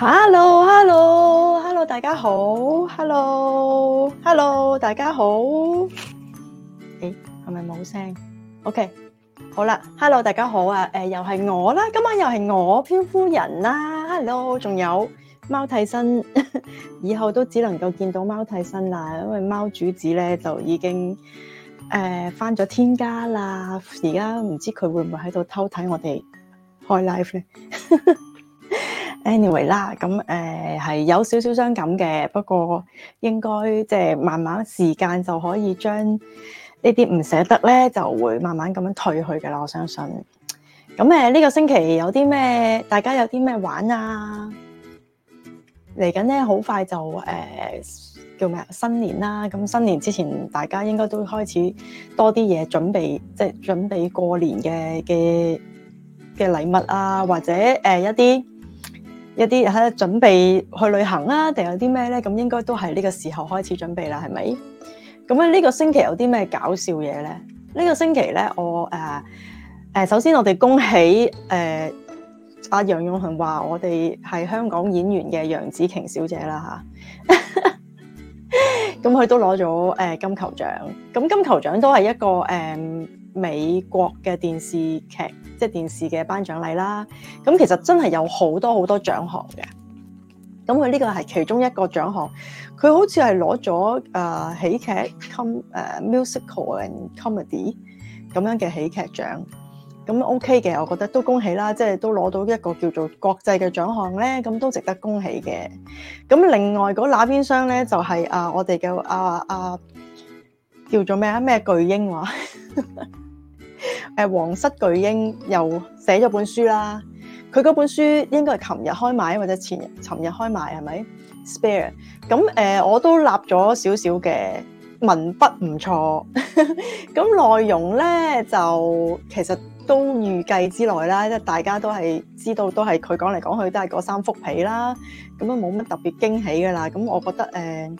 Hello，Hello，Hello，大家好，Hello，Hello，大家好。誒，係咪冇聲？OK，好啦，Hello，大家好啊。誒，又係我啦，今晚又係我漂夫人啦。Hello，仲有貓替身，以後都只能夠見到貓替身啦，因為貓主子咧就已經誒翻咗天家啦。而家唔知佢會唔會喺度偷睇我哋開 live 咧？Anyway 啦，咁誒係有少少傷感嘅，不過應該即係慢慢時間就可以將呢啲唔捨得咧，就會慢慢咁樣退去嘅啦。我相信。咁誒，呢、呃這個星期有啲咩？大家有啲咩玩啊？嚟緊咧，好快就誒、呃、叫咩新年啦、啊！咁新年之前，大家應該都開始多啲嘢準備，即、就、係、是、準備過年嘅嘅嘅禮物啊，或者誒、呃、一啲。一啲喺準備去旅行啦、啊，定有啲咩咧？咁應該都係呢個時候開始準備啦，係咪？咁咧呢個星期有啲咩搞笑嘢咧？呢、呢個星期咧，我誒誒、啊、首先我哋恭喜誒阿、啊、楊永紅話我哋係香港演員嘅楊紫瓊小姐啦吓，咁、啊、佢 都攞咗誒金球獎，咁金球獎都係一個誒。嗯美國嘅電視劇即係電視嘅頒獎禮啦，咁其實真係有好多好多獎項嘅。咁佢呢個係其中一個獎項，佢好似係攞咗誒喜劇 com 誒、uh, musical and comedy 咁樣嘅喜劇獎，咁 OK 嘅，我覺得都恭喜啦，即係都攞到一個叫做國際嘅獎項咧，咁都值得恭喜嘅。咁另外嗰攬邊廂咧就係啊我哋嘅啊啊。叫做咩啊？咩巨嬰話？誒 皇、呃、室巨嬰又寫咗本書啦。佢嗰本書應該係琴日開賣，或者前尋日開賣係咪？Spare 咁誒、呃，我都立咗少少嘅文筆唔錯。咁 內容咧就其實都預計之內啦，即係大家都係知道，都係佢講嚟講去都係嗰三幅被啦。咁樣冇乜特別驚喜㗎啦。咁我覺得誒。呃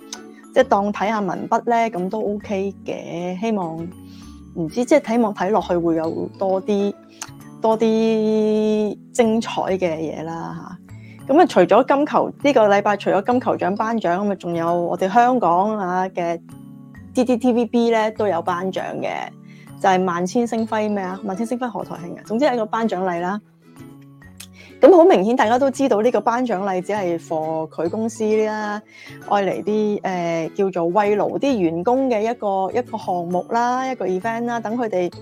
即係當睇下文筆咧，咁都 OK 嘅。希望唔知即係睇望睇落去會有多啲多啲精彩嘅嘢啦吓？咁啊，除咗金球呢、呢個禮拜，除咗金球獎頒獎，咁啊仲有我哋香港啊嘅啲 t TVB 咧都有頒獎嘅，就係、是、萬千星輝咩啊，萬千星輝何台慶啊。總之係個頒獎禮啦。咁好明顯，大家都知道呢個頒獎禮只係 for 佢公司啦，愛嚟啲誒叫做慰勞啲員工嘅一個一個項目啦，一個 event 啦，等佢哋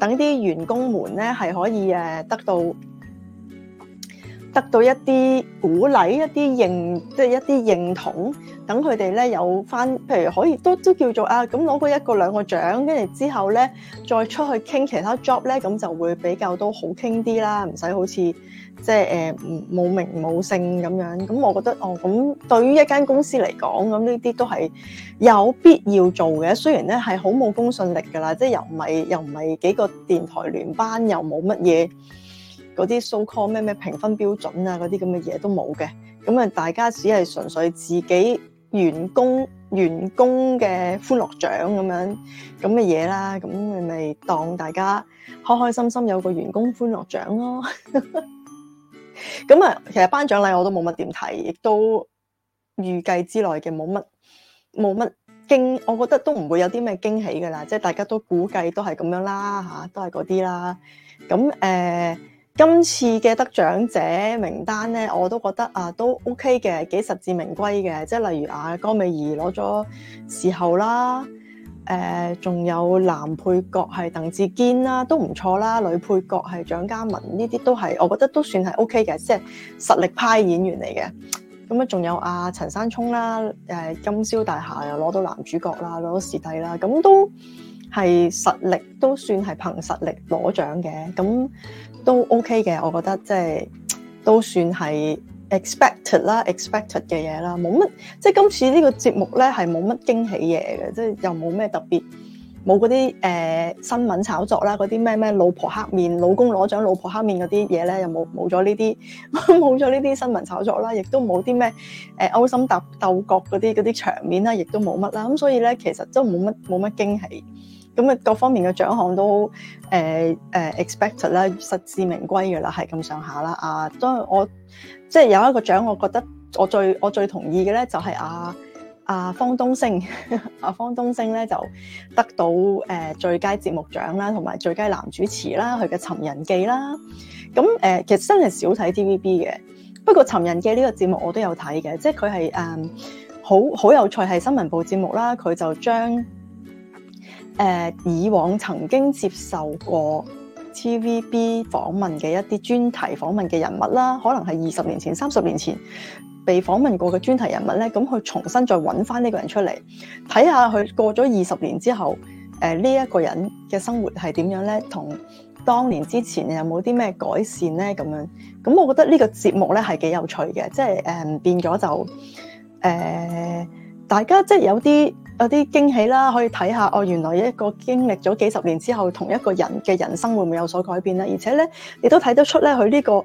等啲員工們咧係可以誒得到。得到一啲鼓勵，一啲認，即係一啲認同，等佢哋咧有返，譬如可以都都叫做啊，咁攞過一個兩個獎，跟住之後咧，再出去傾其他 job 咧，咁就會比較都好傾啲啦，唔使好似即係誒冇名冇姓咁樣。咁我覺得哦，咁對於一間公司嚟講，咁呢啲都係有必要做嘅。雖然咧係好冇公信力㗎喇，即係又唔係又唔係幾個電台聯班，又冇乜嘢。嗰啲 so call 咩咩評分標準啊，嗰啲咁嘅嘢都冇嘅。咁啊，大家只係純粹自己員工員工嘅歡樂獎咁樣咁嘅嘢啦。咁你咪當大家開開心心有個員工歡樂獎咯。咁 啊，其實頒獎禮我都冇乜點睇，亦都預計之內嘅冇乜冇乜驚。我覺得都唔會有啲咩驚喜噶啦，即係大家都估計都係咁樣啦嚇，都係嗰啲啦。咁誒。呃今次嘅得獎者名單咧，我都覺得啊，都 O K 嘅，幾實至名歸嘅。即係例如啊，江美儀攞咗視后啦，誒、呃，仲有男配角係鄧志堅啦，都唔錯啦。女配角係蔣嘉文呢啲都係，我覺得都算係 O K 嘅，即係實力派演員嚟嘅。咁啊，仲有啊陳山聰啦，誒、呃，金宵大廈又攞到男主角啦，攞視帝啦，咁都係實力都算係憑實力攞獎嘅。咁。都 OK 嘅，我覺得即係都算係 expected 啦，expected 嘅嘢啦，冇乜即係今次這個節呢個節目咧係冇乜驚喜嘢嘅，即係又冇咩特別，冇嗰啲誒新聞炒作啦，嗰啲咩咩老婆黑面、老公攞獎、老婆黑面嗰啲嘢咧，又冇冇咗呢啲，冇咗呢啲新聞炒作啦，亦都冇啲咩誒勾心鬥角嗰啲啲場面啦，亦都冇乜啦，咁所以咧其實都冇乜冇乜驚喜。咁啊，各方面嘅獎項都誒誒 expect 啦，實至名歸嘅啦，係咁上下啦啊！都我即係、就是、有一個獎，我覺得我最我最同意嘅咧、啊，就係阿阿方東昇。阿、啊、方東昇咧就得到誒、呃、最佳節目獎啦，同埋最佳男主持啦，佢嘅《尋人記》啦。咁、呃、誒，其實真係少睇 TVB 嘅，不過《尋人記》呢、這個節目我都有睇嘅，即係佢係誒好好有趣，係新聞部節目啦，佢就將，誒以往曾經接受過 TVB 訪問嘅一啲專題訪問嘅人物啦，可能係二十年前、三十年前被訪問過嘅專題人物咧，咁佢重新再揾翻呢個人出嚟，睇下佢過咗二十年之後，誒呢一個人嘅生活係點樣咧，同當年之前有冇啲咩改善咧？咁樣，咁我覺得呢個節目咧係幾有趣嘅，即係誒變咗就誒。呃大家即係有啲有啲驚喜啦，可以睇下哦，原來一個經歷咗幾十年之後，同一個人嘅人生會唔會有所改變啦。而且咧，你都睇得出咧，佢呢個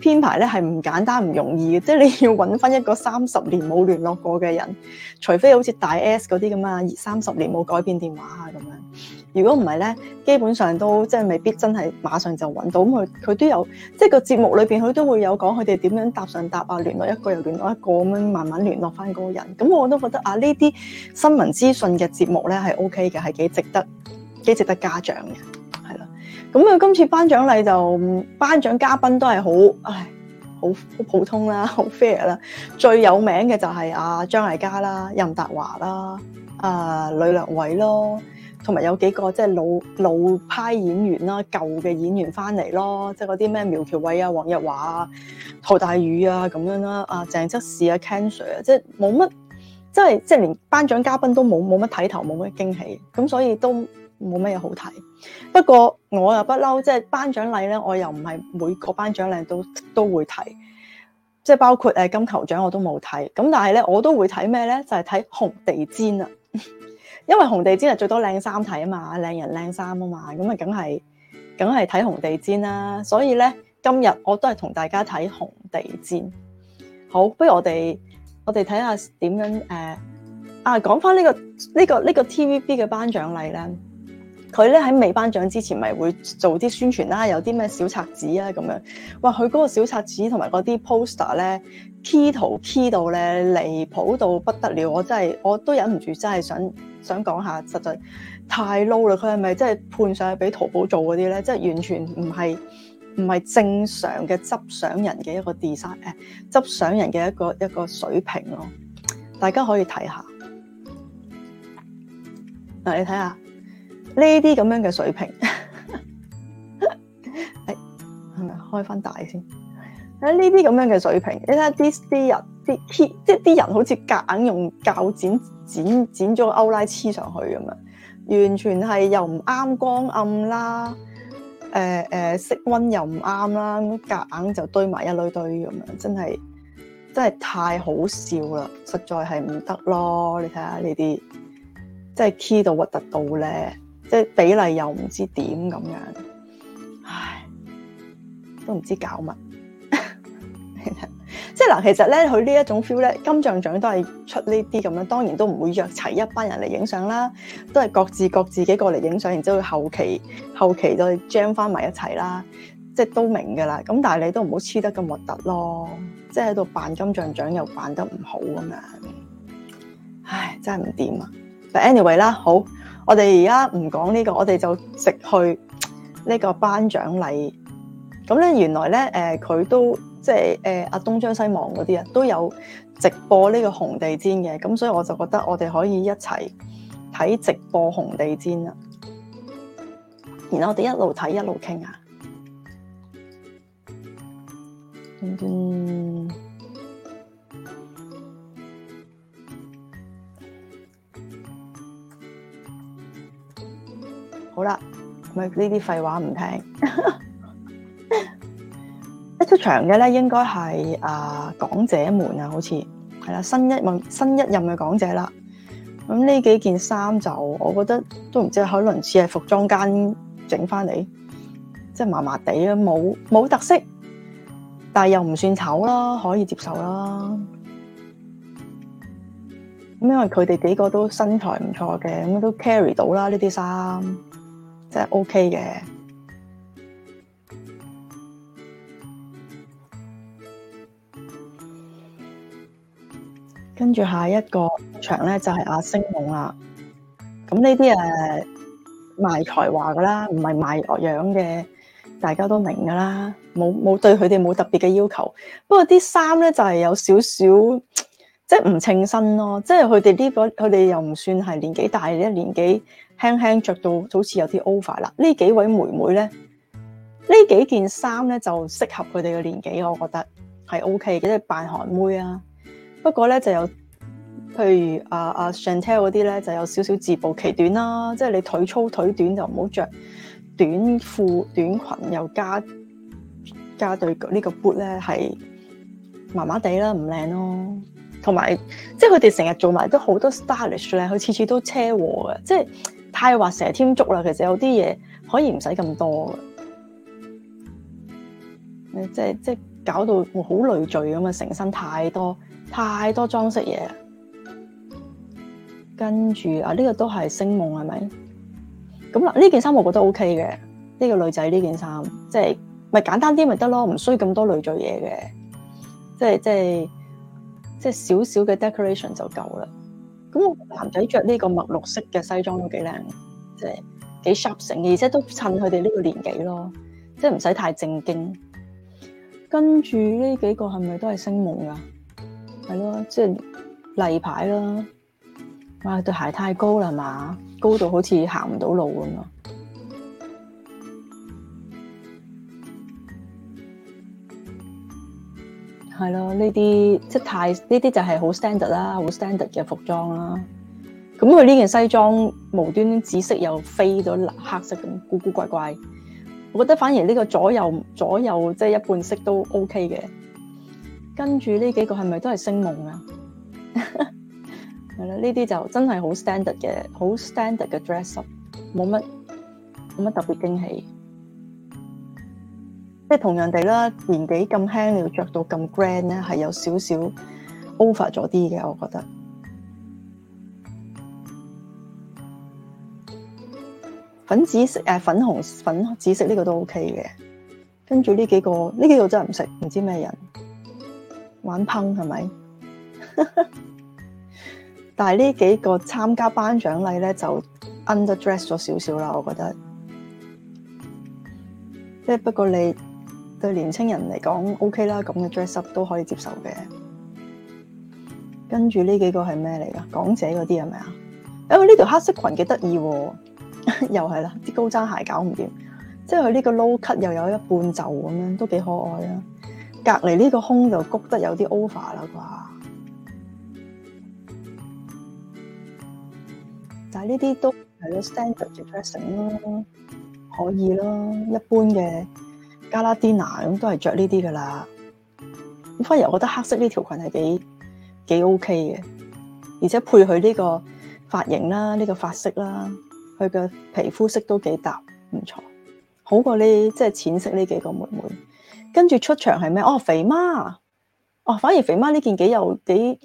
編排咧係唔簡單、唔容易嘅，即係你要揾翻一個三十年冇聯絡過嘅人，除非好似大 S 嗰啲咁啊，而三十年冇改變電話啊咁樣。如果唔係咧，基本上都即係未必真係馬上就揾到咁佢，佢都有即係個節目裏邊佢都會有講佢哋點樣搭上搭啊，聯絡一個又聯絡一個咁樣，慢慢聯絡返嗰個人。咁我都覺得啊，呢啲新聞資訊嘅節目咧係 O K 嘅，係幾、OK、值得幾值得家長嘅，係啦。咁啊，今次頒獎禮就頒獎嘉賓都係好唉，好好普通啦，好 fair 啦。最有名嘅就係阿、啊、張艾嘉啦、任達華啦、啊、呃、呂、呃、良偉咯。同埋有幾個即係老老派演員啦，舊嘅演員翻嚟咯，即係嗰啲咩苗僑偉啊、黃日華啊、陶大宇啊咁樣啦，啊，啊鄭則仕啊、Ken Sir 啊，即係冇乜，即係即係連頒獎嘉賓都冇冇乜睇頭，冇乜驚喜，咁所以都冇乜嘢好睇。不過我又不嬲，即係頒獎禮咧，我又唔係每個頒獎禮都都會睇，即係包括誒金球獎我都冇睇。咁但係咧，我都會睇咩咧？就係睇紅地毯啊！因為紅地氈係最多靚衫睇啊嘛，靚人靚衫啊嘛，咁咪梗係梗係睇紅地氈啦。所以咧，今日我都係同大家睇紅地氈。好，不如我哋我哋睇下點樣、呃、啊？講翻、這個這個這個、呢個呢個呢個 T V B 嘅頒獎禮咧，佢咧喺未頒獎之前，咪會做啲宣傳啦、啊，有啲咩小冊子啊咁樣。哇！佢嗰個小冊子同埋嗰啲 poster 咧，key 圖 key 到咧離譜到不得了，我真係我都忍唔住，真係想～想講下，實在太 low 啦！佢係咪真係判上去俾淘寶做嗰啲咧？即係完全唔係唔係正常嘅執相人嘅一個 design 誒執相人嘅一個一個水平咯。大家可以睇下，嗱你睇下呢啲咁樣嘅水平，係係咪開翻大先？喺呢啲咁樣嘅水平，你睇啲啲人啲即啲人好似夾硬用鉸剪。剪剪咗個歐拉黐上去咁樣，完全係又唔啱光暗啦，誒、呃、誒、呃、色溫又唔啱啦，咁夾硬就堆埋一堆堆咁樣，真係真係太好笑啦，實在係唔得咯，你睇下呢啲，即係 key 到核突到咧，即係比例又唔知點咁樣，唉，都唔知搞乜。 即嗱，其實咧，佢呢一種 feel 咧，金像獎都係出呢啲咁樣，當然都唔會約齊一班人嚟影相啦，都係各自各自，自己過嚟影相，然之後後期後期再 jam 翻埋一齊啦，即係都明㗎啦。咁但係你都唔好黐得咁核突咯，即係喺度扮金像獎又扮得唔好咁樣，唉，真係唔掂啊。But anyway 啦，好，我哋而家唔講呢個，我哋就直去呢個頒獎禮。咁咧，原來咧，誒、呃，佢都。即係誒，阿東張西望嗰啲啊，都有直播呢個紅地毯嘅，咁所以我就覺得我哋可以一齊睇直播紅地毯啦。然後我哋一路睇一路傾啊。嗯。好啦，咪呢啲廢話唔聽。 出場嘅咧，應該係啊港姐們啊，好似係啦，新一任新一任嘅港姐啦。咁呢幾件衫就，我覺得都唔知可能似係服裝間整翻嚟，即係麻麻地啦，冇冇特色，但係又唔算醜咯，可以接受啦。咁因為佢哋幾個都身材唔錯嘅，咁都 carry 到啦呢啲衫，即係 OK 嘅。跟住下一個場咧就係阿星夢啦，咁呢啲誒賣才華噶啦，唔係賣樣嘅，大家都明噶啦，冇冇對佢哋冇特別嘅要求。不過啲衫咧就係有少少即係唔稱身咯，即係佢哋呢個佢哋又唔算係年紀大咧，年紀輕輕着到好似有啲 over 啦。呢幾位妹妹咧，呢幾件衫咧就適合佢哋嘅年紀，我覺得係 OK 嘅，即係扮韓妹啊。不過咧就有。譬如啊啊 Chantelle 嗰啲咧，就有少少自暴其短啦，即係你腿粗腿短就唔好着短褲短裙，又加加對呢個 boot 咧，係麻麻地啦，唔靚咯。同埋即係佢哋成日做埋都好多 stylish 咧，佢次次都車禍嘅，即係太畫蛇添足啦。其實有啲嘢可以唔使咁多嘅，即係即係搞到好累贅咁啊，成身太多太多裝飾嘢。跟住啊，呢、這個都係星夢係咪？咁嗱，呢件衫我覺得 O K 嘅，呢、這個女仔呢件衫，即係咪、就是、簡單啲咪得咯？唔需要咁多累做嘢嘅，即係即係即係少少嘅 decoration 就夠啦。咁男仔着呢個墨綠色嘅西裝都幾靚，即係幾 shop 成嘅，而且都趁佢哋呢個年紀咯，即係唔使太正經。跟住呢幾個係咪都係星夢噶？係咯，即係例牌啦。哇！對鞋太高啦，係嘛？高到好似行唔到路咁咯。係咯，呢啲即係太呢啲就係好 standard 啦，好 standard 嘅服裝啦。咁佢呢件西裝無端端紫色又飛咗黑色咁，古古怪怪。我覺得反而呢個左右左右即係一半色都 OK 嘅。跟住呢幾個係咪都係星夢啊？ 係啦，呢啲就真係好 standard 嘅，好 standard 嘅 dress up，冇乜冇乜特別驚喜。即係同人哋啦，年紀咁輕，你要着到咁 grand 咧，係有少少 over 咗啲嘅，我覺得。粉紫色誒、呃，粉紅粉紫色呢個都 OK 嘅。跟住呢幾個呢幾個真係唔識，唔知咩人玩烹係咪？ 但係呢幾個參加頒獎禮咧，就 underdress 咗少少啦，我覺得。即係不過你對年青人嚟講 OK 啦，咁嘅 dress up 都可以接受嘅。跟住呢幾個係咩嚟噶？港姐嗰啲係咪啊？啊，呢條黑色裙幾得意喎， 又係啦，啲高踭鞋搞唔掂。即係佢呢個 low cut 又有一半袖咁樣，都幾可愛啦。隔離呢個胸就谷得有啲 over 啦啩。但係呢啲都係咯，standard dressing 咯，可以咯，一般嘅加拉蒂娜咁都係着呢啲噶啦。咁反而我覺得黑色呢條裙係幾幾 OK 嘅，而且配佢呢個髮型啦，呢個髮色啦，佢嘅皮膚色都幾搭，唔錯，好過呢即係淺色呢幾個妹妹。跟住出場係咩？哦，肥媽，哦，反而肥媽呢件幾有幾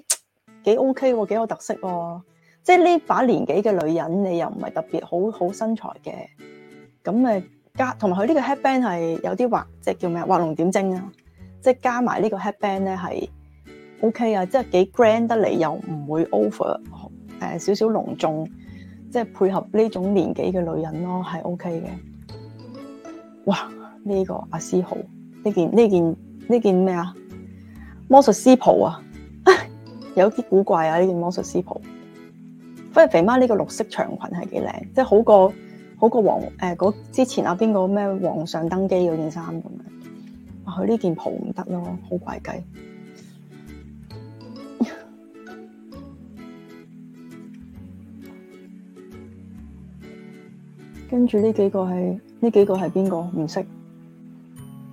幾 OK 喎，幾有特色喎。即係呢把年紀嘅女人，你又唔係特別好好身材嘅咁誒加，同埋佢呢個 headband 係有啲畫，即係叫咩畫龍點睛啊。即係加埋呢個 headband 咧係 OK 啊，即係幾 grand 得嚟，又唔會 over 誒少少隆重，即係配合呢種年紀嘅女人咯，係 OK 嘅。哇！呢個阿絲豪呢件呢件呢件咩啊？魔術絲袍啊，哈哈有啲古怪啊！呢件魔術絲袍。反而肥媽呢個綠色長裙係幾靚，即係好過好過黃、呃、之前阿、啊、邊個咩皇上登基嗰件衫咁樣。佢、啊、呢件袍唔得咯，好怪雞。 跟住呢幾個係呢幾個係邊個是？唔識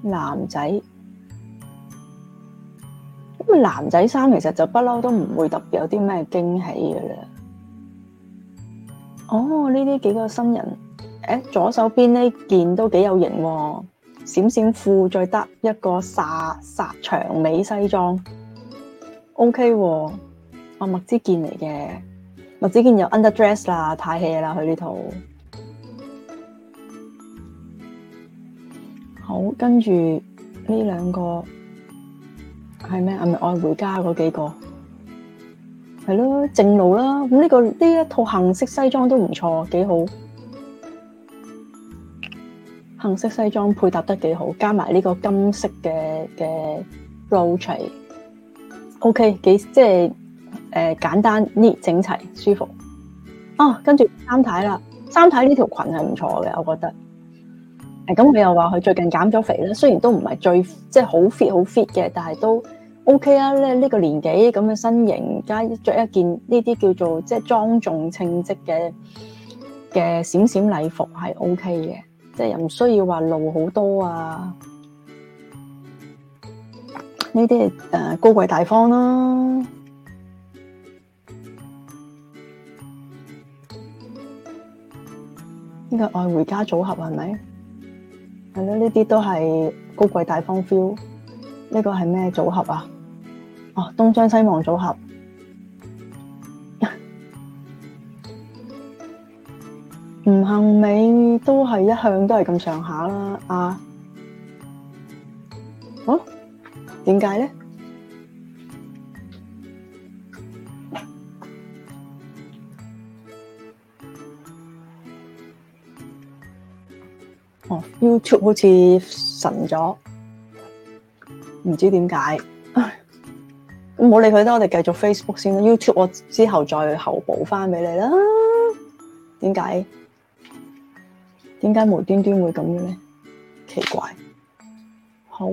男仔。咁啊，男仔衫其實就不嬲都唔會特別有啲咩驚喜㗎啦。哦，呢啲幾個新人，誒，左手邊呢件都幾有型喎，閃閃褲再得一個颯颯長尾西裝，OK 喎，哦，啊麥之健嚟嘅，麥之健有 underdress 啦，太 hea 啦佢呢套，好，跟住呢兩個係咩啊？咪愛回家嗰幾個。係咯，正路啦。咁呢、這個呢一套杏色西裝都唔錯，幾好。杏色西裝配搭得幾好，加埋呢個金色嘅嘅 r o c OK，幾即係誒、呃、簡單呢整齊舒服。哦、啊，跟住三太啦，三太呢條裙係唔錯嘅，我覺得。誒，咁佢又話佢最近減咗肥啦，雖然都唔係最即係好 fit 好 fit 嘅，但係都。OK 啊，呢呢個年紀咁嘅身形，加著一件呢啲叫做即係莊重稱職嘅嘅閃閃禮服，係 OK 嘅，即係又唔需要話露好多啊。呢啲係誒高貴大方咯。呢個愛回家組合係咪？係咯，呢啲都係高貴大方 feel。呢個係咩組合啊？哦，東張西望組合，吳、啊、幸美都係一向都係咁上下啦，啊，啊，點解呢？哦、啊、YouTube 好似神咗，唔知點解。咁冇理佢啦，我哋繼續 Facebook 先啦，YouTube 我之後再後補返俾你啦。點解？點解無端端會咁嘅呢？奇怪。好，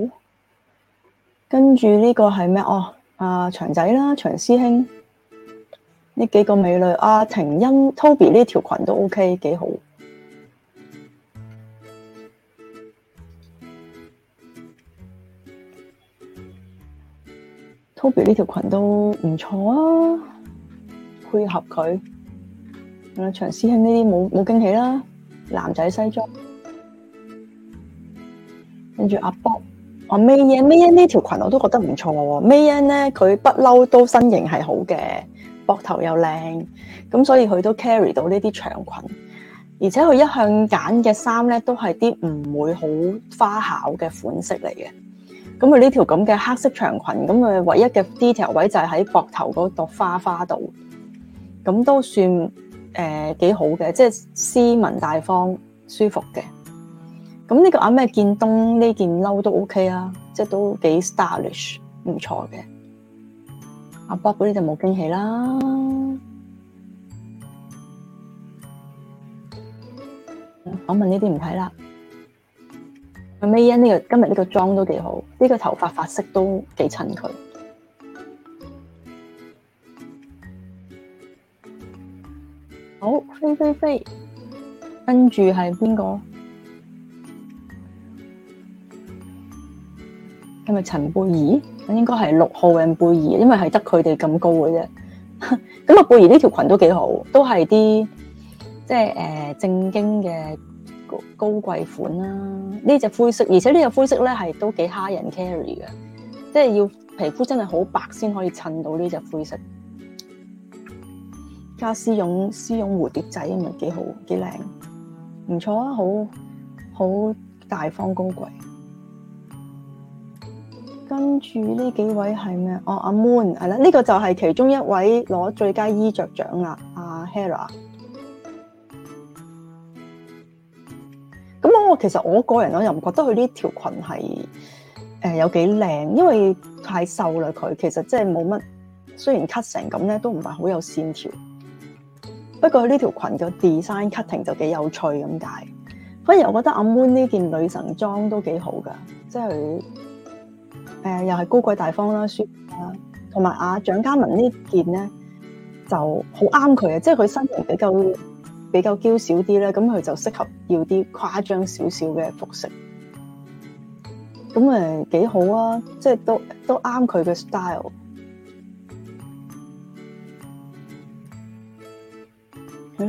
跟住呢個係咩？哦，阿、啊、長仔啦，長師兄，呢幾個美女，阿、啊、定欣、Toby 呢條裙都 OK，幾好。Toby 呢條裙都唔錯啊，配合佢，長師兄呢啲冇冇驚喜啦，男仔西裝，跟住阿 Bob 阿 Mayan Mayan 呢條裙我都覺得唔錯喎，Mayan 咧佢不嬲、啊、都身形係好嘅，膊頭又靚，咁所以佢都 carry 到呢啲長裙，而且佢一向揀嘅衫咧都係啲唔會好花巧嘅款式嚟嘅。咁佢呢條咁嘅黑色長裙，咁佢唯一嘅 detail 位就係喺膊頭嗰度，花花度，咁都算、呃、幾好嘅，即係斯文大方、舒服嘅。咁呢個阿咩建東呢件褸都 OK 啦、啊，即係都幾 stylish，唔錯嘅。阿 Bob 呢度冇驚喜啦。我問呢啲唔睇啦。May 茵呢個今日呢個妝都幾好，呢個頭髮髮色都幾襯佢。好，飛飛飛，跟住係邊個？係咪陳貝兒？應該係六號嘅 and 貝兒，因為係得佢哋咁高嘅啫。咁啊，貝兒呢條裙都幾好，都係啲即係誒、呃、正經嘅。高貴款啦，啊，呢隻灰色，而且呢隻灰色咧係都幾哈人 carry 嘅，即係要皮膚真係好白先可以襯到呢隻灰色。加絲絨絲絨蝴蝶仔，咁又幾好，幾靚，唔錯啊，好好，好大方高貴。跟住呢幾位係咩？哦、oh，阿 Moon 係啦，呢個就係其中一位攞最佳衣着獎啦，阿、啊、Hera。哦、其實我個人我又唔覺得佢呢條裙係誒、呃、有幾靚，因為太瘦啦，佢其實即係冇乜，雖然 cut 成咁咧都唔係好有線條。不過呢條裙嘅 design cutting 就幾有趣咁解。反而我覺得阿 Moon 呢件女神裝都幾好㗎，即係誒、呃、又係高貴大方啦，舒服啦，同埋阿蔣嘉文這件呢件咧就好啱佢啊，即係佢身形比較。比較嬌小啲咧，咁佢就適合要啲誇張少少嘅服飾，咁誒幾好啊！即係都都啱佢嘅 style。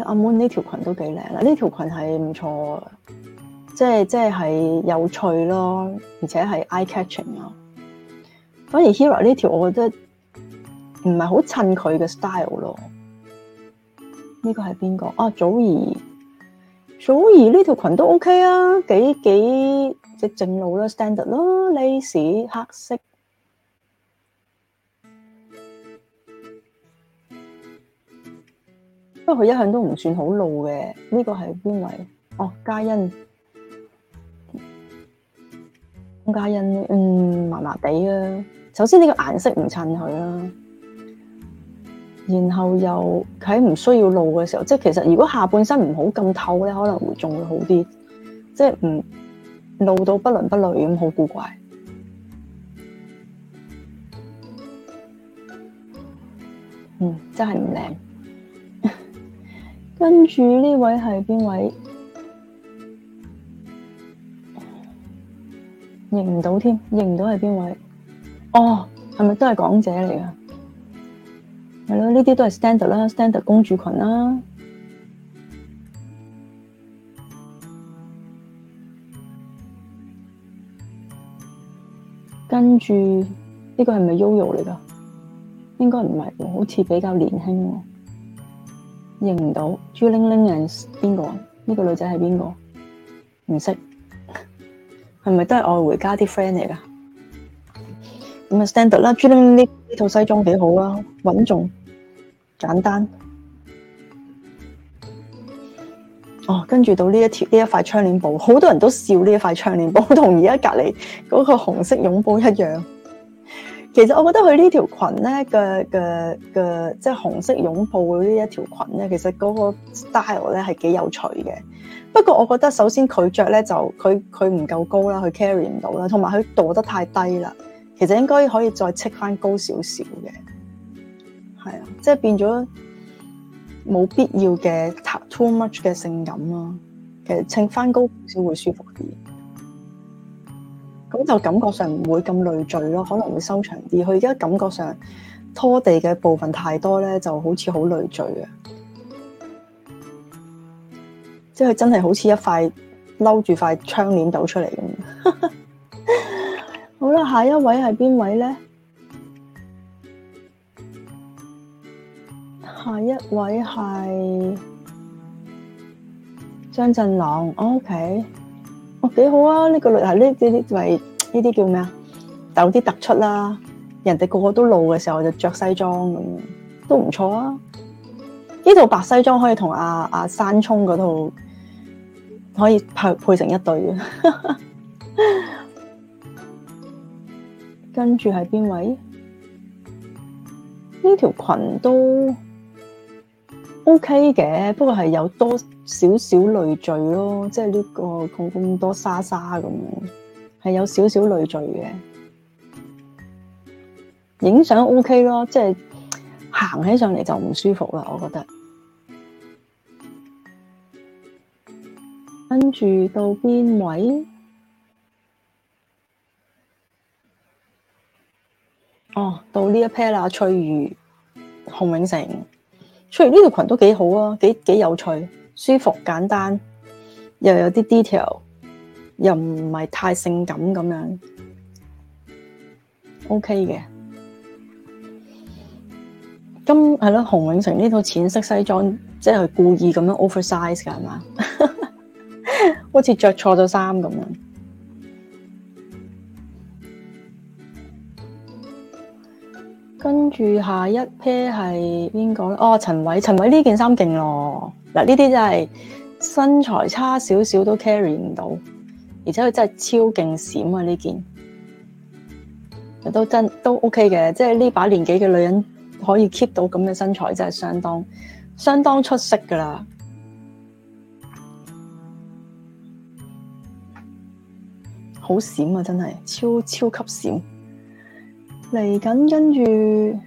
阿 Moon 呢條裙都幾靚喇！呢條裙係唔錯，即係即係係有趣咯，而且係 eye catching 咯。反而 Hera 呢條，我覺得唔係好襯佢嘅 style 咯。呢個係邊個？啊，祖兒，祖兒呢條裙都 OK 啊，幾幾即正路啦，standard 囉，lace 黑色。不過佢一向都唔算好露嘅。呢個係邊位？哦，嘉欣，嘉欣，嗯，麻麻地啊。首先呢個顏色唔襯佢啦。然後又喺唔需要露嘅時候，即其實如果下半身唔好咁透呢，可能會仲會好啲，即係唔露到不倫不類咁，好古怪。嗯，真係唔靚。 跟住呢位係邊位？認唔到添？認唔到係邊位？哦，係咪都係港姐嚟㗎？係咯，呢啲都係 standard 啦，standard 公主裙啦。跟住呢個係咪 Yoyo 嚟㗎？應該唔係，好似比較年輕的。認唔到？朱玲玲係邊個？呢個女仔係邊個？唔識。係咪都係愛回家啲 friend 嚟㗎？咁 standard 啦，呢，呢套西裝幾好啊，穩重簡單哦。跟住到呢一條，呢一塊窗簾布，好多人都笑呢一塊窗簾布，同而家隔離嗰個紅色絨布一樣。其實我覺得佢呢條裙咧嘅嘅嘅，即係、就是、紅色絨布呢一條裙咧，其實嗰個 style 咧係幾有趣嘅。不過我覺得首先佢着咧，就佢佢唔夠高啦，佢 carry 唔到啦，同埋佢度得太低啦。其實應該可以再戚翻高少少嘅，係啊，即係變咗冇必要嘅 too much 嘅性感啦。其實戚翻高少會舒服啲，咁就感覺上唔會咁累贅咯。可能會收長啲。佢而家感覺上拖地嘅部分太多咧，就好似好累贅嘅，即係佢真係好似一塊嬲住塊窗簾走出嚟咁。 咁下一位係邊位咧？下一位係張振朗，OK，哦，幾好啊！呢、這個女係呢啲呢位呢啲叫咩啊？有啲突出啦，人哋個個都露嘅時候就着西裝咁樣，都唔錯啊！呢套白西裝可以同阿阿山聰嗰套可以配配成一對嘅。 跟住喺邊位？呢條裙都 OK 嘅，不過係有多少少累贅咯，即係呢、呢個咁咁多沙沙咁樣，係有少少累贅嘅。影相 OK 咯，即係行起上嚟就唔舒服啦，我覺得。跟住到邊位？哦，到呢一 pair 啦，翠如、洪永城，翠如呢套裙都幾好啊，幾幾有趣，舒服簡單，又有啲 detail，又唔係太性感咁樣，OK 嘅。咁係咯，洪永城呢套淺色西裝，即係故意咁樣 oversize 㗎，係嘛？ 好似着錯咗衫咁樣。跟住下一 pair 係邊個咧？哦，陳偉，陳偉呢件衫勁咯！嗱，呢啲真係身材差少少都 carry 唔到，而且佢真係超勁閃啊！呢件都真都 OK 嘅，即係呢把年紀嘅女人可以 keep 到咁嘅身材，真係相當相當出色噶啦！好閃啊，真係超超級閃！嚟緊，跟住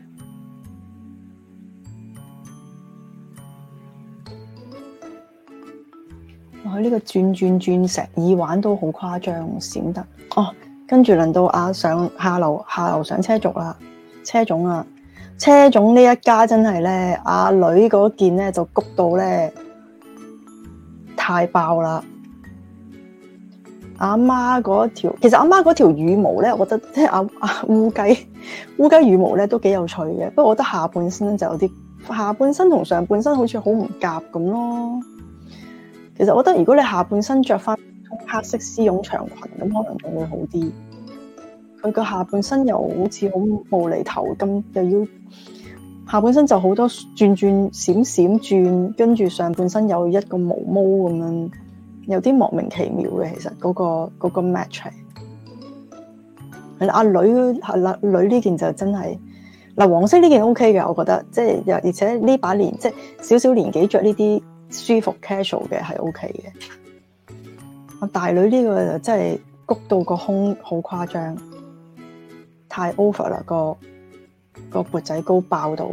我喺呢個轉轉鑽石，耳環都好誇張，閃得哦。跟住輪到、啊、上下樓下樓上車族啦，車總啦、啊，車總呢一家真係咧，阿、啊、女嗰件咧就谷到咧太爆啦！阿媽嗰條，其實阿媽嗰條羽毛咧，我覺得即係阿阿烏雞烏雞羽毛咧都幾有趣嘅。不過我覺得下半身就有啲下半身同上半身好似好唔夾咁咯。其實我覺得如果你下半身着返黑色絲絨長裙咁，可能會好啲。佢個下半身又好似好無厘頭咁，又要下半身就好多轉轉閃閃轉，跟住上半身有一個毛毛咁樣。有啲莫名其妙嘅，其實嗰、個嗰、個 match，係。阿女係啦，女呢、啊、件就真係嗱、啊，黃色呢件 O K 嘅，我覺得，即係又而且呢把年即係少少年紀着呢啲舒服 casual 嘅係 O K 嘅。大女呢個就真係谷到個胸好誇張，太 over 啦個個缽仔糕爆到。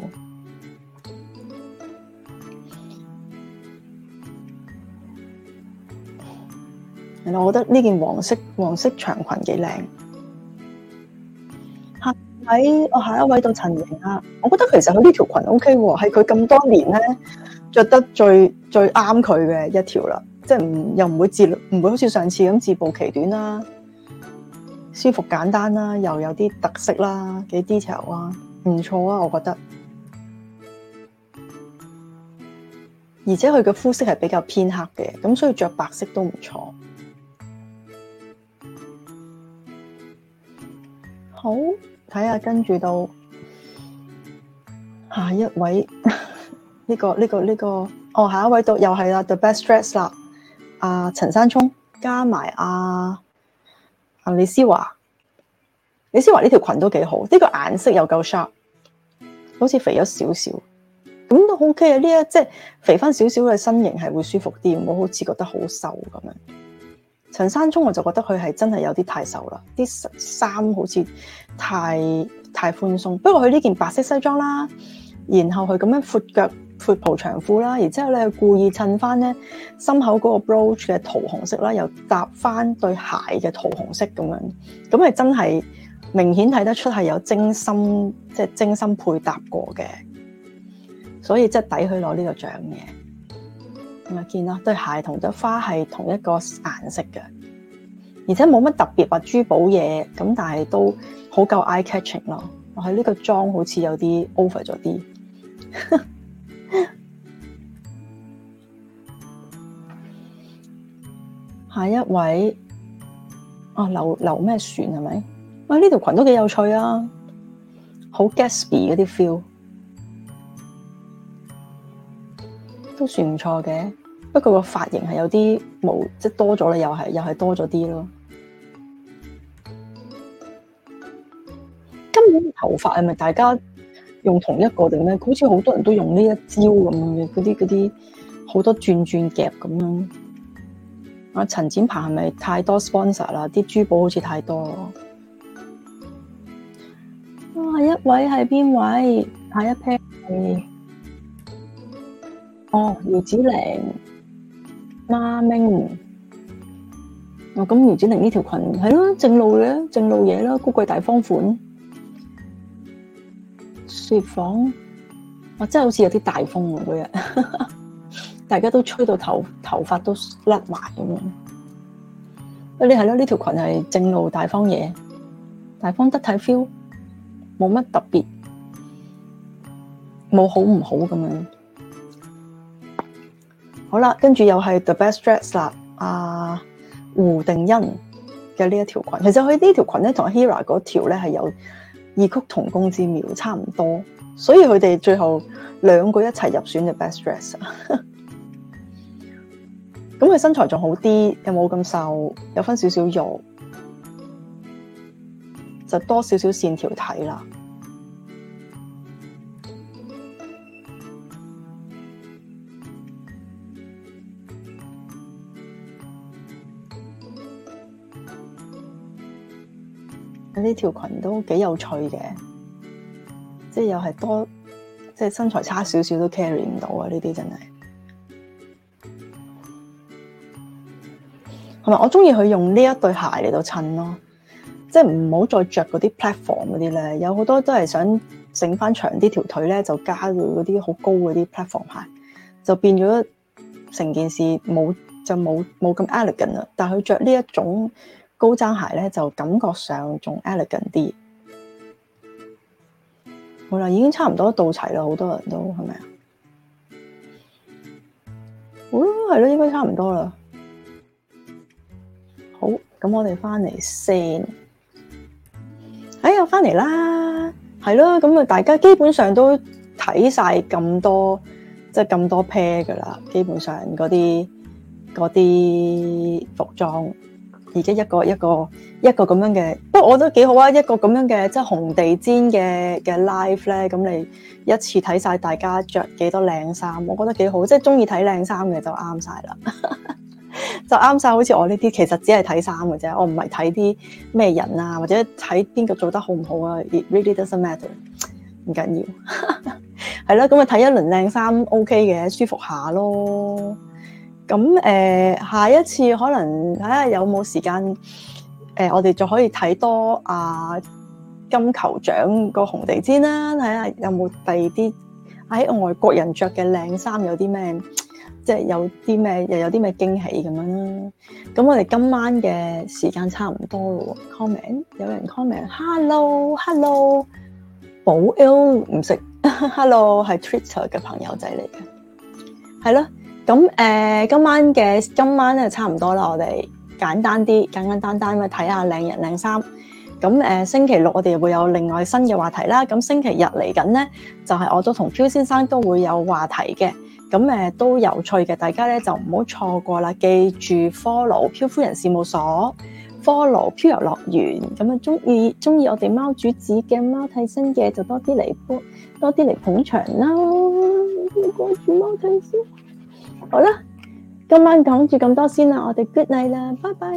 我覺得呢件黃色黃色長裙幾靚。下位我下一位到陳瑩啦，我覺得其實佢呢條裙 OK 喎，係佢咁多年咧着得最最啱佢嘅一條啦，即係唔又唔會自唔會好似上次咁自暴其短啦，舒服簡單啦，又有啲特色啦，幾 detail 啊，唔錯啊，我覺得。而且佢嘅膚色係比較偏黑嘅，咁所以着白色都唔錯。好，睇下跟住到下一位，呢、這個呢、這個呢、這個哦，下一位到又係啦，The Best Dress 啦，阿、啊、陳山聰加埋阿阿李施嬅，李施嬅呢條裙都幾好，呢、這個顏色又夠 sharp，好似肥咗少少，咁都 OK 啊，呢一即係肥返少少嘅身形係會舒服啲，唔好好似覺得好瘦咁樣。陳山聰我就覺得佢係真係有啲太瘦啦，啲衫好似太太寬鬆。不過佢呢件白色西裝啦，然後佢咁樣闊腳闊袍長褲啦，然之後咧故意襯翻咧心口嗰個 brooch 嘅桃紅色啦，又搭翻對鞋嘅桃紅色咁樣，咁係真係明顯睇得出係有精心即係精心配搭過嘅，所以即係抵佢攞呢個獎嘅。咪見咯，對鞋同對花係同一個顏色嘅，而且冇乜特別話、啊、珠寶嘢，咁但係都很夠這個好夠 eye catching 咯。哇，呢個妝好似有啲 over 咗啲。下一位，哦、啊，劉劉咩璇係咪？哇，呢、啊、條、這個、裙都幾有趣啊，好 Gatsby 嗰啲 feel。都算唔錯嘅，不過個髮型係有啲毛，即多咗啦，又係又係多咗啲咯。今年頭髮係咪大家用同一個定咩？好似好多人都用呢一招咁樣嘅，嗰啲嗰啲好多轉轉夾咁樣。啊，陳展鵬係咪太多 sponsor 啦？啲珠寶好似太多。啊，一位係邊位？下一 p 哦，姚子羚，媽咪，哦咁，姚子羚呢條裙係咯，正路嘅，正路嘢啦，高貴大方款，雪紡，哇，真係好似有啲大風咁嘅，大家都吹到頭頭髮都甩埋咁樣。你係咯，呢條裙係正路大方嘢，大方得體 feel，冇乜特別，冇好唔好咁樣。好啦，跟住又係 the best dress 啦，阿、啊、胡定欣嘅呢一條裙，其實佢呢條裙咧同 Hira 嗰條咧係有異曲同工之妙，差唔多，所以佢哋最後兩個一齊入選嘅 best dress。咁 佢身材仲好啲，有冇咁瘦，有分少少肉，就多少少線條體啦。呢條裙都幾有趣嘅，即係又係多，即係身材差少少都 carry 唔到啊！呢啲真係，同埋我中意佢用呢一對鞋嚟到襯咯，即係唔好再着嗰啲 platform 嗰啲咧，有好多都係想整翻長啲條腿咧，就加咗嗰啲好高嗰啲 platform 鞋，就變咗成件事冇就冇冇咁 elegant 啦。但係佢着呢一種。高踭鞋咧，就感覺上仲 elegant 啲。好啦，已經差唔多到齊啦，好多人都係咪啊？好啦，係咯，應該差唔多啦。好，咁我哋翻嚟先。哎，我，翻嚟啦，係咯，咁啊，大家基本上都睇晒咁多，即係咁多 pair 噶啦。基本上嗰啲嗰啲服裝。而家一個一個一個咁樣嘅，不過我都幾好啊！一個咁樣嘅即係紅地氈嘅嘅 live 咧，咁你一次睇晒大家着幾多靚衫，我覺得幾好。即係中意睇靚衫嘅就啱晒啦， 就啱晒。好似我呢啲其實只係睇衫嘅啫，我唔係睇啲咩人啊，或者睇邊個做得好唔好啊。It really doesn't matter，唔緊要。係 咯，咁啊睇一輪靚衫 OK 嘅，舒服下咯。咁誒、呃，下一次可能睇下有冇時間誒、呃，我哋就可以睇多阿、啊、金球獎個紅地毯啦。睇下有冇第二啲喺外國人着嘅靚衫有啲咩，即係有啲咩又有啲咩驚喜咁樣啦。咁我哋今晚嘅時間差唔多啦喎。Comment 有人 comment，Hello Hello，寶 L 唔食。Hello 係 Twitter 嘅朋友仔嚟嘅，係咯。咁誒、呃，今晚嘅今晚咧，差唔多啦。我哋簡單啲，簡簡單單去睇下靚人靚衫。咁、呃、星期六我哋會有另外新嘅話題啦。咁星期日嚟緊咧，就係、是、我都同漂先生都會有話題嘅。咁、呃、都有趣嘅，大家咧就唔好錯過啦。記住 follow、漂、夫人事務所，follow 漂遊樂園。咁啊，中意中意我哋貓主子嘅貓替身嘅就多啲嚟多啲嚟捧場啦。歡迎關注貓好啦，今晚講住咁多先啦，我哋 Good night 啦，拜拜。